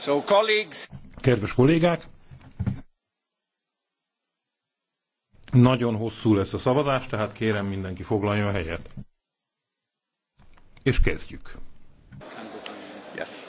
So, colleagues. Kedves kollégák! Nagyon hosszú lesz a szavazás, tehát kérem mindenki foglaljon helyet. És kezdjük. Yes.